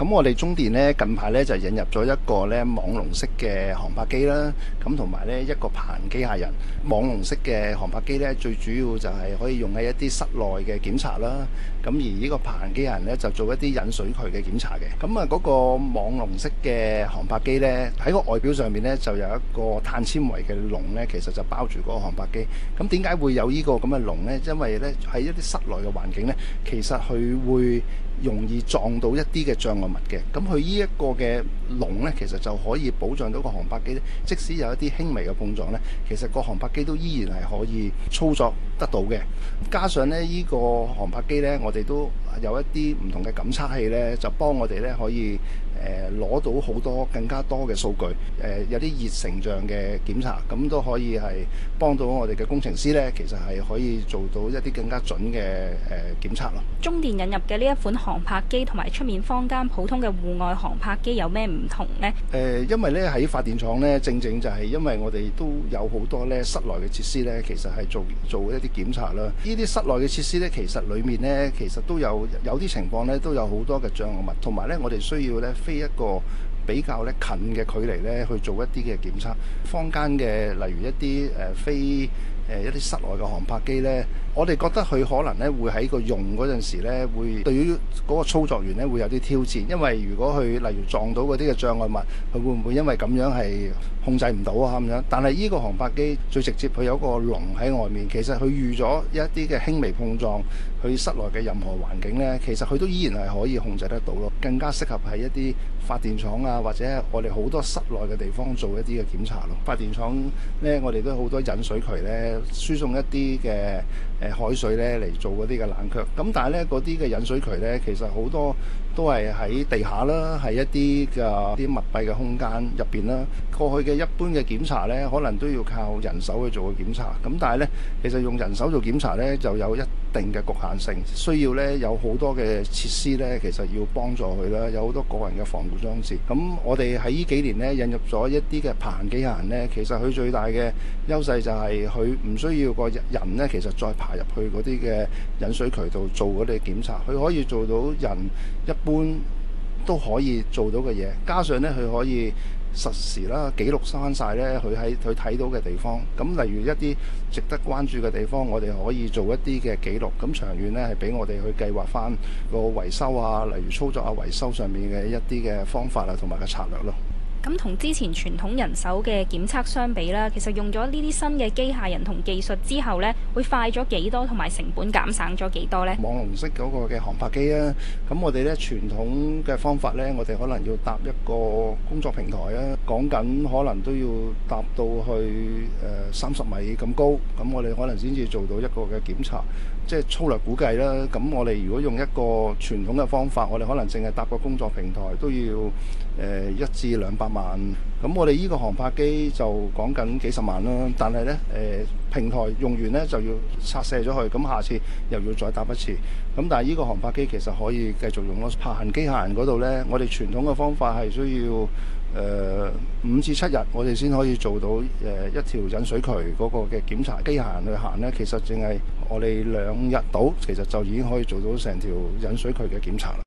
咁我哋中電咧近排咧就引入咗一個咧籠網式嘅航拍機啦，咁同埋咧一個爬行機械人。籠網式嘅航拍機咧最主要就係可以用喺一啲室內嘅檢查啦。咁而呢個爬行機械人咧就做一啲引水渠嘅檢查嘅。咁啊嗰個籠網式嘅航拍機咧喺個外表上面咧就有一個碳纖維嘅籠咧，其實就包住嗰個航拍機。咁點解會有呢個咁嘅籠咧？因為咧喺一啲室內嘅環境咧，其實佢會容易撞到一啲嘅障礙。嘅，咁佢呢一個嘅籠咧，其實就可以保障到個航拍機咧，即使有一啲輕微嘅碰撞咧，其實個航拍機都依然係可以操作得到嘅。加上咧，呢個航拍機咧，我哋都有一啲唔同嘅檢測器咧，就幫我哋咧可以誒攞到好多更加多嘅數據。誒有啲熱成像嘅檢查，咁都可以係幫到我哋嘅工程師咧，其實係可以做到一啲更加準嘅誒檢測咯。中電引入嘅呢一款航拍機同埋出面坊間普通嘅戶外航拍機有咩唔同咧？誒，因為咧喺發電廠咧，正正就係因為我哋都有好多咧室內嘅設施咧，其實係做做一啲檢查啦。呢啲室內嘅設施咧，其實裡面咧其實都有。有啲情況咧都有好多嘅障礙物，同埋咧我哋需要咧飛一個比較咧近嘅距離咧去做一啲嘅檢測。坊間嘅例如一啲誒非。誒一啲室外嘅航拍機呢，我哋覺得佢可能呢會喺個用嗰陣時呢，會對於嗰個操作員呢會有啲挑戰，因為如果佢例如撞到嗰啲嘅障礙物，佢會唔會因為咁樣係控制唔到啊咁樣？但係呢個航拍機最直接佢有個籠喺外面，其實佢預咗一啲嘅輕微碰撞，佢室內嘅任何環境呢，其實佢都依然係可以控制得到咯，更加適合喺一啲發電廠啊或者我哋好多室內嘅地方做一啲嘅檢查咯。發電廠呢，我哋都好多引水渠呢。輸送一啲嘅誒海水咧嚟做嗰啲嘅冷卻，咁但係咧嗰啲嘅引水渠咧，其實好多都係喺地下啦，係一啲嘅啲密閉嘅空間入邊啦。過去嘅一般嘅檢查咧，可能都要靠人手去做個檢查，咁但係咧，其實用人手做檢查咧就有一定嘅局限性，需要咧有好多嘅設施咧，其實要幫助佢啦，有好多個人嘅防護裝置。咁我哋喺呢幾年咧引入咗一啲嘅爬行機械人咧，其實佢最大嘅優勢就係佢。唔需要個人呢，其實再爬入去嗰啲嘅引水渠道做嗰啲檢查，佢可以做到人一般都可以做到嘅嘢。加上呢，佢可以實時啦，記錄翻晒呢，佢喺佢睇到嘅地方。咁例如一啲值得關注嘅地方，我哋可以做一啲嘅記錄。咁長遠呢，係俾我哋去計劃翻個維修啊，例如操作啊、維修上面嘅一啲嘅方法啊，同埋嘅策略咯。咁同之前傳統人手嘅檢測相比啦，其實用咗呢啲新嘅機械人同技術之後呢，會快咗幾多同埋成本減省咗幾多呢？籠網式嗰個嘅航拍機啊，咁我哋呢傳統嘅方法呢，我哋可能要搭一個工作平台啊，講緊可能都要搭到去誒三十米咁高，咁我哋可能先至做到一個嘅檢查，即係粗略估計啦。咁我哋如果用一個傳統嘅方法，我哋可能淨係搭個工作平台都要，誒、呃、一至兩百萬，咁我哋呢個航拍機就講緊幾十萬啦。但係呢，誒、呃、平台用完呢就要拆卸咗佢，咁下次又要再搭一次。咁但係呢個航拍機其實可以繼續用咯。爬行機械人嗰度呢，我哋傳統嘅方法係需要誒五、呃、至七日，我哋先可以做到誒、呃、一條引水渠嗰個嘅檢查。機械人去行呢，其實淨係我哋兩日到，其實就已經可以做到成條引水渠嘅檢查啦。